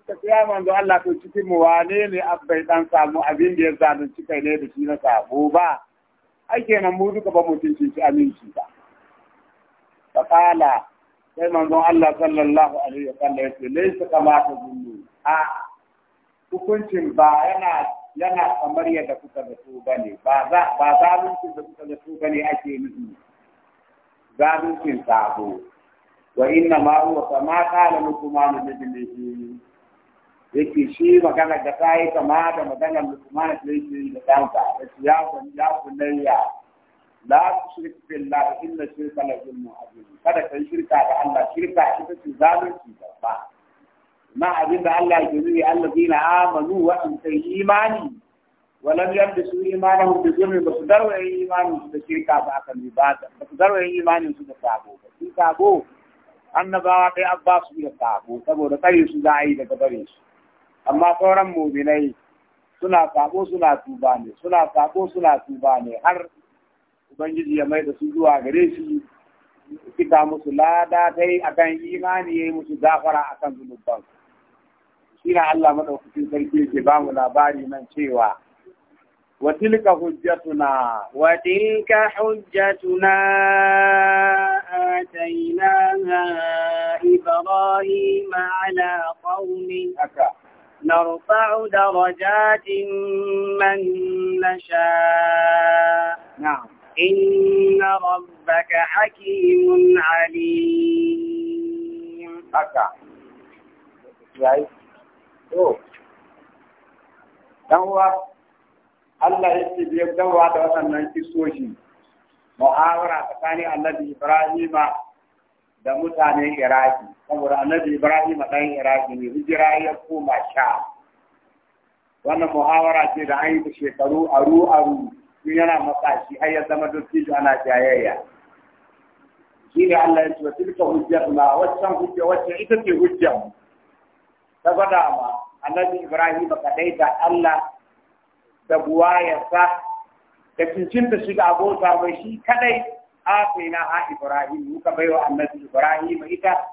kuka ce ya manzon Allah to cikin mu wane ne bai dan samu abin da ya zalunci kai ne da shi na sabo ba ai kenan mu duka ba mu cuci aminci ba fa qala sai manzon Allah sallallahu alaihi wa sallam ya ce laysa kama ta zunnu a hukuncin ba yana yana kamar yadda kuka zato ba ne, ba zaluncin da kuka zato ba ne ake nufi, zaluncin sabo, wa inna ma huwa kama kala lukumanu da jimihi, yake shi magana da ta yi kama da magana lukumanu da yake da ɗansa, da shi ya kunya kunayya, la su shirka billah inna shirka la zulmu azim, kada ka yi shirka da Allah, shirka ita ce zalunci babba. Ma abin da Allah ke nuni allazina amanu wa an kai imani walam yabdisu imanahum bi zulmin basu darwa imanin su da shirka ba akan ibada basu darwa imanin su da sabo ba sun sabo annabawa dai abba su da sabo saboda kare su za a yi daga bare su amma sauran mu'minai suna sabo suna tuba ne suna sabo suna tuba ne har ubangiji ya mai da su zuwa gare shi cika musu lada dai akan imani ya musu gafara akan zunubansu ina Allah madaukakin sarki yake ba mu labari nan cewa wa tilka hujjatuna wa tilka hujjatuna atainaha ibrahim ala qaumi نرفع درجات من نشاء نعم إن ربك حكيم عليم أكا. Right. to uwa Allah ya ce biyar dawa da waɗannan kisoshi mu'awara tsakanin annabi Ibrahima da mutanen Iraki saboda annabi Ibrahima ɗan Iraki ne hijira ya koma sha wannan muhawara ce da an yi ta shekaru aru aru tun yana matashi har ya zama dottijo ana jayayya shi ne Allah ya ce wa tilka hujjatuna waccan hujjar wacce ita ce hujjar ta gwada ma annabi Ibrahim ka dai da Allah da buwayarsa da cincin da shiga abota mai shi kadai na a Ibrahim muka baiwa annabi Ibrahim ita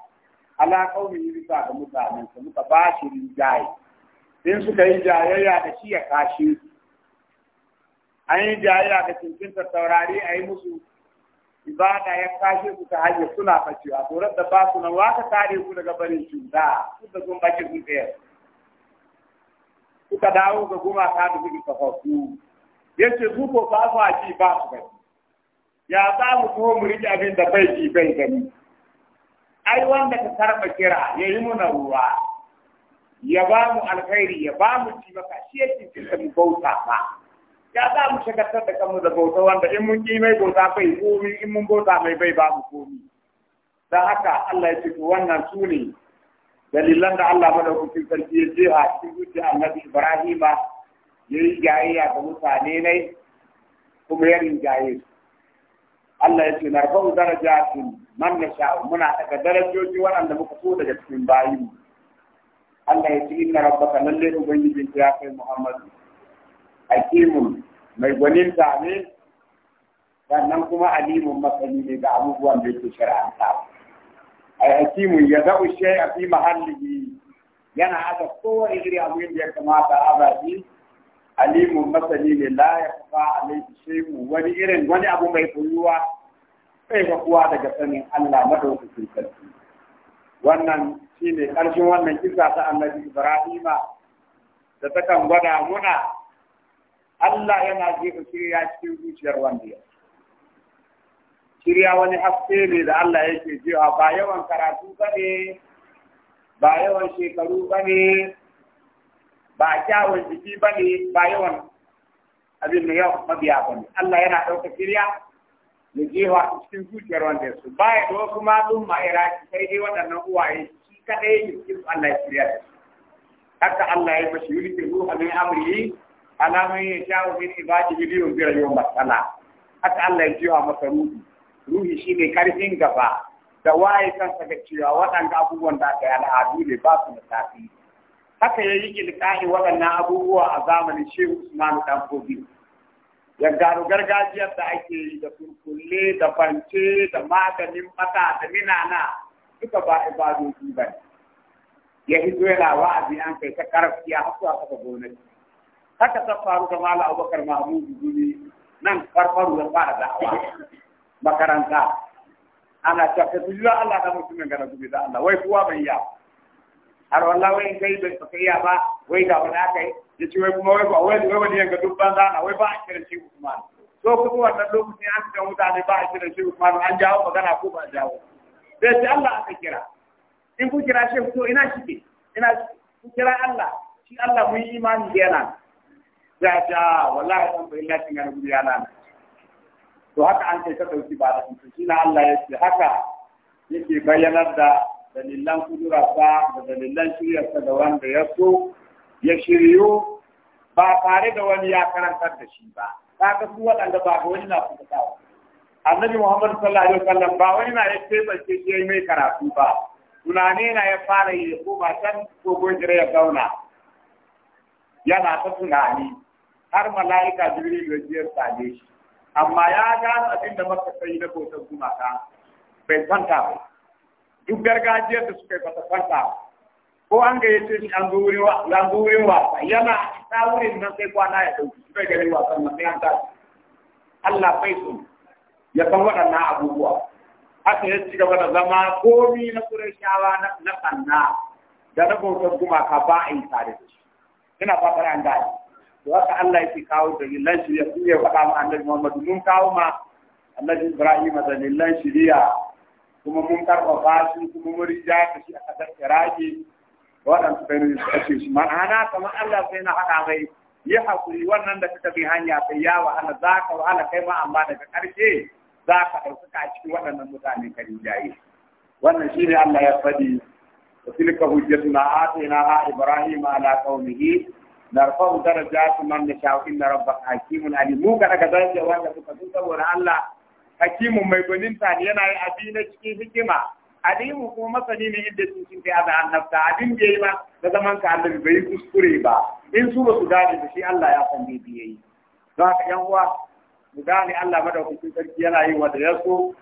ala yi bisa ga mutanen muka ba shi rinjaye in suka yi jayayya da shi ya kashi an yi jayayya da cincin taurari a yi musu ibada ya kashe su ta hanyar suna fashewa to da ba su nan tare ku daga barin cuta su da sun baki sun tsayar suka dawo ga ta da ta kafafu ya ce su ko ba su ba su gani ya za mu tuho mu riƙe abin da bai ji bai gani ai wanda ka karɓa kira ya yi muna ruwa ya ba mu alkhairi ya ba mu ci maka ya yake cikin bauta ba ya za mu shagartar da kanmu da bauta wanda in mun yi mai bauta bai komi in mun bauta mai bai ba mu komi don haka Allah ya ce wannan su ne dalilan da Allah madaukakin sarki ya ce a cikin zuciya annabi Ibrahima ya yi jayayya ga mutane ne kuma ya rinjaye Allah ya ce narfa'u darajatin man nasha'u muna daga darajoji waɗanda muka so daga cikin bayinmu Allah ya ce inna rabbaka lalle ubangijin ya kai Muhammadu hakimun mai gwanin ne sannan kuma alimun masani ne ga abubuwan da yake shari'anta ai hakimun ya za'u a fi mahallihi yana haka kowa iri abin da ya kamata a baki alimun masani ne la ya kafa alaihi shay'un wani irin wani abu mai kuyuwa sai ga kuwa daga sanin Allah madaukakin sarki wannan shine karshen wannan kisa ta Annabi Ibrahim da takan gwada muna Allah yana jefa shirya cikin zuciyar wanda ya shirya wani haske ne da Allah yake jewa ba yawan karatu ba ne ba yawan shekaru ba ne ba kyawun jiki ba ne ba yawan abin da yau mabiya ba ne Allah yana ɗauka shirya da jewa cikin zuciyar wanda ya su ba ya ɗauka kuma sun ma'ira sai dai waɗannan uwaye shi kaɗai ne cikin Allah ya shirya da su haka Allah ya bashi yulkin ruha min amrihi ala man ne min ibadihi li yunzira matsala. yau matsala haka Allah ya jiwa masa ruhi ruhi ne karfin gaba da waye kan saka cewa waɗanda abubuwan da aka yi al'adu ne ba su da haka ya yi ilkahi waɗannan abubuwa a zamanin shehu usmanu dan fobi ya gano gargajiyar da ake yi da kurkulle da fance, da maganin mata da minana duka ba ibadoji ba ne ya hito yana wa'azi an kai ta karfiya har zuwa kaka gonaki haka ta faru ga Malam Abubakar Mahmud Duni nan farfaru da fara da makaranta ana ta su yiwa Allah da mutumin ga nabi da Allah wai kuwa bai ya har wallahi wai kai bai ka iya ba wai da wani aka yi ya ce wai kuma wai ba wai wai wani yanka dubban zana wai ba a kiran shi Usman so kuma wannan lokacin an ta mutane ba a kiran shi Usman an jawo magana ko ba jawo sai ce Allah aka kira in ku kira shi to ina shi ina ku kira Allah shi Allah mun yi imani da yana sai a ce a wallahi ɗan bai lati gudu yana nan to haka an kai ka ɗauki ba da su shi na Allah ya ce haka yake bayyanar da dalilan kudurarsa da dalilan shiryarsa da wanda ya so ya shiryu ba tare da wani ya karantar da shi ba kaga su waɗanda ba ga wani na fitawa annabi Muhammad sallallahu alaihi wasallam ba wani na ya tsaye shi yayi mai karatu ba tunani na ya fara yi ko ba can ko gojira ya zauna yana ta tunani har mala'ika jibril da jiyar sade shi amma ya gano abin da maka sai na bautar gumaka bai kwanta ba duk gargajiyar da suka yi bata kwanta ba ko an ga yace shi an zuwurin an wasa yana ta wurin nan sai kwana ya dauki bai gari wasan nan sai an Allah bai so ya san waɗannan abubuwa haka ya ci gaba da zama komi na Qurayshawa na na kanna da na bautar gumaka ba a yi tare da shi ina fatar an dace to haka Allah yake kawo dalilan shiriya sun ya faɗa ma annabi Muhammadu mun kawo ma annabi Ibrahim dalilan shirya kuma mun karɓa shi kuma mun rija ka shi a kasar Iraki waɗansu bayanin da ake shi ma'ana kamar Allah sai na haɗa mai yi hakuri wannan da suka bi hanya sai ya wahala za ka wahala kai ma amma daga ƙarshe za ka ɗaukaka a cikin waɗannan mutane ka rinjaye wannan shi ne Allah ya faɗi wa tilka hujjatuna atayna ha ibrahima ala qaumihi narfa'u darajatu man nasha'u in rabbaka hakimun alim mu kada ka zance wanda suka sun saboda Allah hakimun mai gwaninta ne yana yi abi na cikin hikima alimu kuma masani ne inda sun cin kai da annabta abin da yayi ba da zaman ka annabi bai kuskure ba in su ba su gane da shi Allah ya san bai biye yi don haka yan uwa mu Allah madaukakin sarki yana yi wa da yaso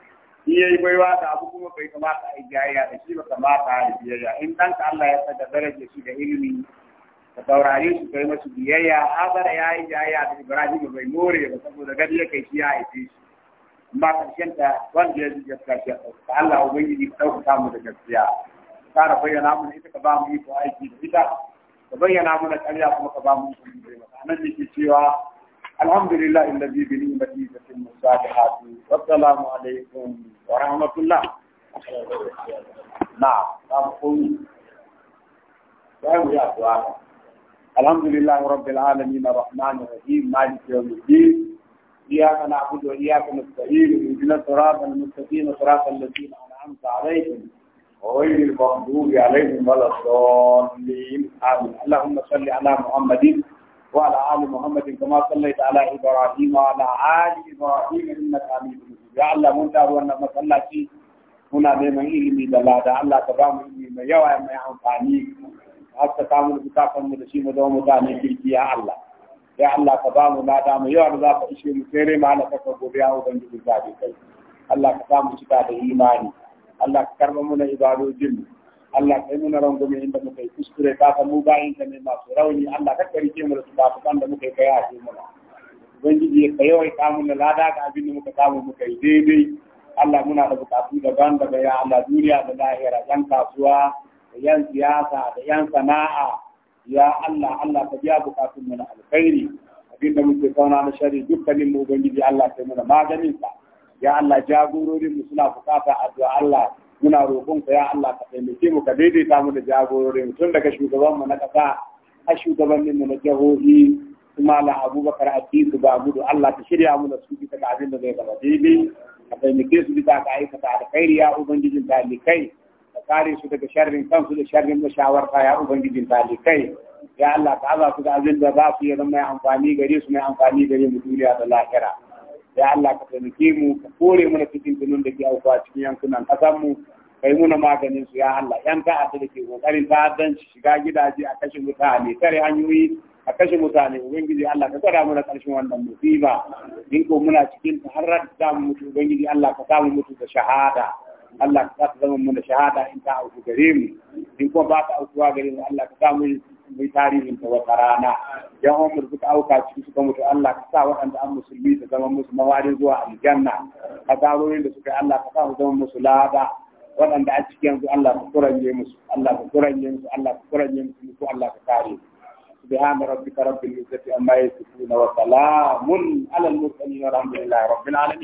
in baiwa da abu kuma bai kamata a yi jayayya da shi ba kamata a yi biyayya in ɗanka Allah ya sa da darajar shi da ilimi فوراري شو كلمة سبية يا أبر يا أي جاي يا أبي براجي جو في موري يا بس أبو دعالي كي شيء أي شيء ما تمشين تا وان جاي جاي كاشيا فعلا هو بيجي يفتح كام ولا كاشيا كارا بيجي نامن هيك كبام بيجي هو أي شيء بيتا بيجي نامن كاريا كم كبام بيجي بيجي أنا نجي شيء وا الحمد لله الذي بني مدينة المصالحات والسلام عليكم ورحمة الله نعم الحمد لله رب العالمين الرحمن الرحيم مالك يوم الدين إياك نعبد وإياك نستعين اهدنا الصراط المستقيم صراط الذين أنعمت عليهم غير المغضوب عليهم ولا الضالين آمين اللهم صل على محمد وعلى آل محمد كما صليت على إبراهيم وعلى آل إبراهيم إنك حميد مجيد يا الله من تعالوا أن مصلاتي هنا لمن إلمي دلالة الله تبارك وتعالى يوم يوم haska ta mu bukatan mu da shi mu zama mutane kirki ya Allah ya Allah ka ba mu lada mu yawa da za ka ishe mu sai ma na kaka gobe ya ubangiji ta bi kai Allah ka sa mu cika da imani Allah ka karba mu na ibadojin Allah kai mu na rangume inda muka yi kuskure ka mu bayin ka ne masu rauni Allah ka karike mu da su ba kan da muka yi kai a ce mu ubangiji ya yawai ya kamu na lada ga abin da muka samu muka yi daidai Allah muna da bukatu daban daga ya Allah duniya da lahira yan kasuwa da yan siyasa da yan sana'a ya Allah Allah ka biya bukatun mu na alkhairi abinda muke kauna na shari dukkanin mu ubangiji Allah sai mana maganin ka ya Allah jagororin mu suna bukata addu'a Allah muna roƙon ka ya Allah ka taimake mu ka daidaita mu da jagororin tun daga shugaban mu na kasa har shugabannin mu na jihohi kuma la Abubakar Atiku ba gudu Allah ka shirya mu da su bisa ga abin da zai gaba daidai ka taimake su bisa ka aikata alkhairi ya ubangijin kai. ka kare su daga sharrin kansu da sharrin mashawarta ya ubangijin talikai ya Allah ka aza su da abin da za su yi zama mai amfani gare su mai amfani gare mu duniya da lahira ya Allah ka taimake mu ka kore mu cikin tunun da ke aukuwa cikin yankunan ƙasar mu kai muna maganin su ya Allah yan ta'adda da ke kokarin ta'addanci shiga gidaje a kashe mutane kare hanyoyi a kashe mutane ubangiji Allah ka tsara mana karshen wannan musiba in ko muna cikin ta har da mu mutu ubangiji Allah ka samu mutu da shahada Allah ka sa zama mana shahada in ka auku gare mu in kuma ba ta aukuwa gare mu Allah ka sa mu mu tarihin ta wata rana yan umar suka auka ciki suka mutu Allah ka sa waɗanda an musulmi ta zama musu mawari zuwa aljanna kasarorin da suka yi Allah ka sa mu zama musu lada waɗanda a cikin yanzu Allah ka kuranye musu Allah ka kuranye musu Allah ka kuranye musu ko Allah ka kare سبحان ربك رب العزة عما يصفون وسلام على المرسلين والحمد لله رب العالمين